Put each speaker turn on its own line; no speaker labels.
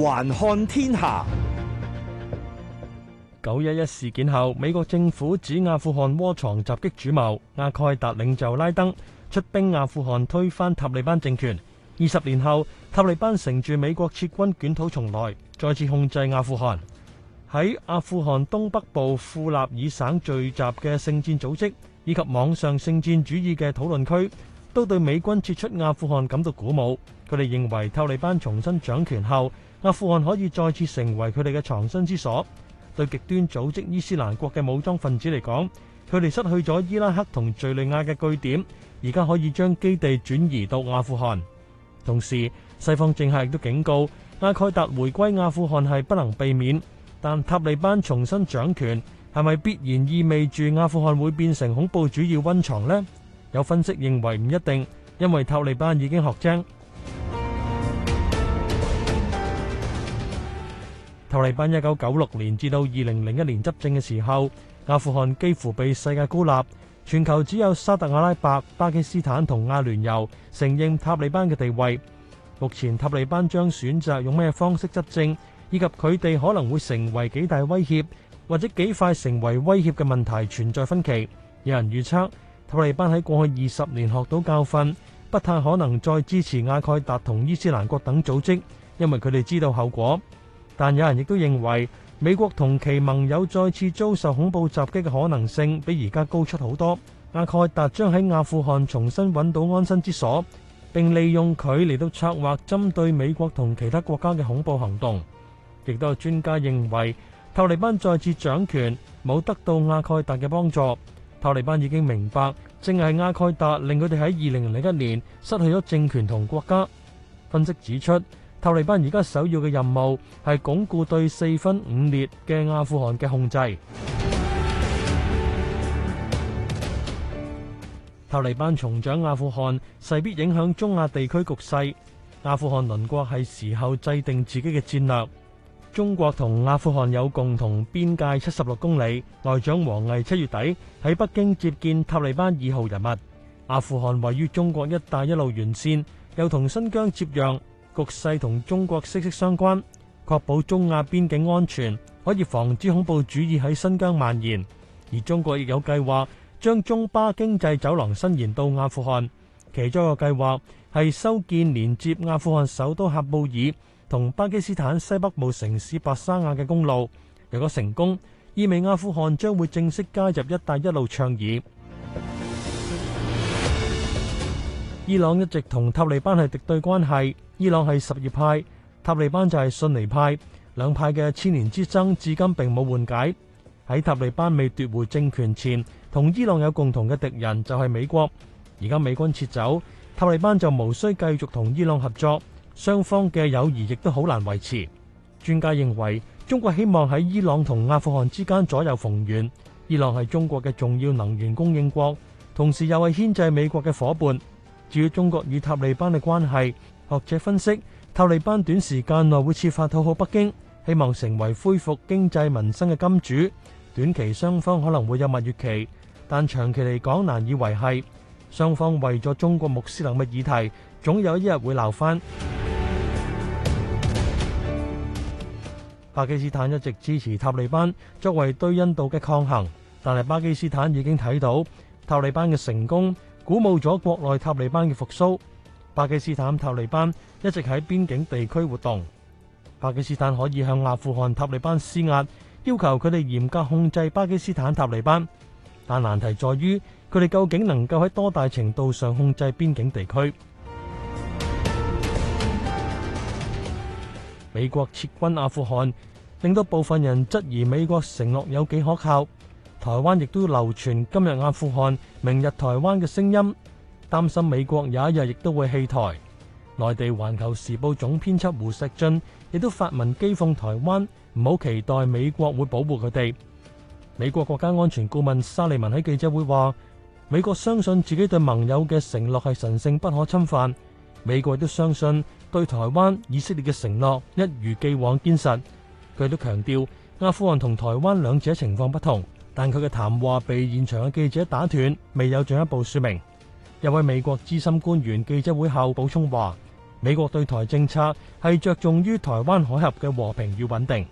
環看天下。九一一事件後，美國政府指阿富汗窩藏襲擊主謀阿蓋達領袖拉登，出兵阿富汗推翻塔利班政權。二十年後，塔利班乘住美國撤軍捲土重來，再次控制阿富汗。喺阿富汗東北部庫納爾省聚集嘅聖戰組織，以及網上聖戰主義嘅討論區，都對美軍撤出阿富汗感到鼓舞。佢哋認為，塔利班重新掌權後，阿富汗可以再次成為佢哋嘅藏身之所。對極端組織伊斯蘭國嘅武裝分子嚟講，佢哋失去咗伊拉克同敍利亞嘅據點，而家可以將基地轉移到阿富汗。同時，西方政客亦都警告，阿蓋達回歸阿富汗係不能避免。但塔利班重新掌權係咪必然意味住阿富汗會變成恐怖主義溫床呢？有分析認為唔一定，因為塔利班已經學精。塔利班一九九六年至到二零零一年執政嘅時候，阿富汗幾乎被世界孤立，全球只有沙特阿拉伯、巴基斯坦同阿聯酋承認塔利班嘅地位。目前塔利班將選擇用咩方式執政，以及佢哋可能會成為幾大威脅或者幾快成為威脅嘅問題存在分歧。有人預測塔利班喺過去二十年學到教訓，不太可能再支持阿蓋達同伊斯蘭國等組織，因為佢哋知道後果。但有人亦都認為，美國同其盟友再次遭受恐怖襲擊嘅可能性比而家高出好多。阿蓋達將喺阿富汗重新揾到安身之所，並利用佢嚟到策劃針對美國同其他國家嘅恐怖行動。亦都有專家認為，塔利班再次掌權冇得到阿蓋達嘅幫助，塔利班已經明白，正係阿蓋達令佢哋喺二零零一年失去咗政權同國家。分析指出。塔利班而家首要嘅任務係鞏固對四分五裂嘅阿富汗嘅控制。塔利班重掌阿富汗，勢必影響中亞地區局勢。阿富汗鄰國係時候制定自己嘅戰略。中國同阿富汗有共同邊界七十六公里。外長王毅七月底喺北京接見塔利班二號人物。阿富汗位於中國一帶一路沿線，又同新疆接壤。局勢同中國息息相關，確保中亞邊境安全，可以防止恐怖主義喺新疆蔓延。而中國亦有計劃將中巴經濟走廊伸延到阿富汗，其中一個計劃係修建連接阿富汗首都喀布爾同巴基斯坦西北部城市白沙瓦嘅公路。如果成功，意味阿富汗將會正式加入“一帶一路”倡議。伊朗一直同塔利班係敵對關係。伊朗係什葉派，塔利班就係遜尼派，兩派嘅千年之爭至今並冇緩解。喺塔利班未奪回政權前，同伊朗有共同嘅敵人就係美國。而家美軍撤走，塔利班就無需繼續同伊朗合作，雙方嘅友誼亦都好難維持。專家認為，中國希望喺伊朗同阿富汗之間左右逢源。伊朗係中國嘅重要能源供應國，同時又係牽制美國嘅夥伴。至於中國與塔利班嘅關係，學者分析，塔利班短時間內會設法討好北京，希望成為恢復經濟民生嘅金主。短期雙方可能會有蜜月期，但長期嚟講難以維繫。雙方為咗中國穆斯林嘅議題，總有一日會鬧翻。巴基斯坦一直支持塔利班作為對印度嘅抗衡，但係巴基斯坦已經睇到塔利班嘅成功，鼓舞咗國內塔利班嘅復蘇，巴基斯坦塔利班一直喺邊境地區活動。巴基斯坦可以向阿富汗塔利班施壓，要求佢哋嚴格控制巴基斯坦塔利班，但難題在於佢哋究竟能夠喺多大程度上控制邊境地區。美國撤軍阿富汗，令到部分人質疑美國承諾有幾可靠。台灣亦都流傳今日阿富汗，明日台灣嘅聲音，擔心美國有一日亦都會棄台。內地環球時報總編輯胡錫進亦都發文譏諷台灣，唔好期待美國會保護佢哋。美國國家安全顧問沙利文喺記者會話：美國相信自己對盟友嘅承諾係神聖不可侵犯，美國亦都相信對台灣、以色列嘅承諾一如既往堅實。佢都強調，阿富汗同台灣兩者情況不同。但佢嘅談話被現場嘅記者打斷，未有進一步説明。一位美國資深官員記者會後補充話：美國對台政策係着重於台灣海峽嘅和平與穩定。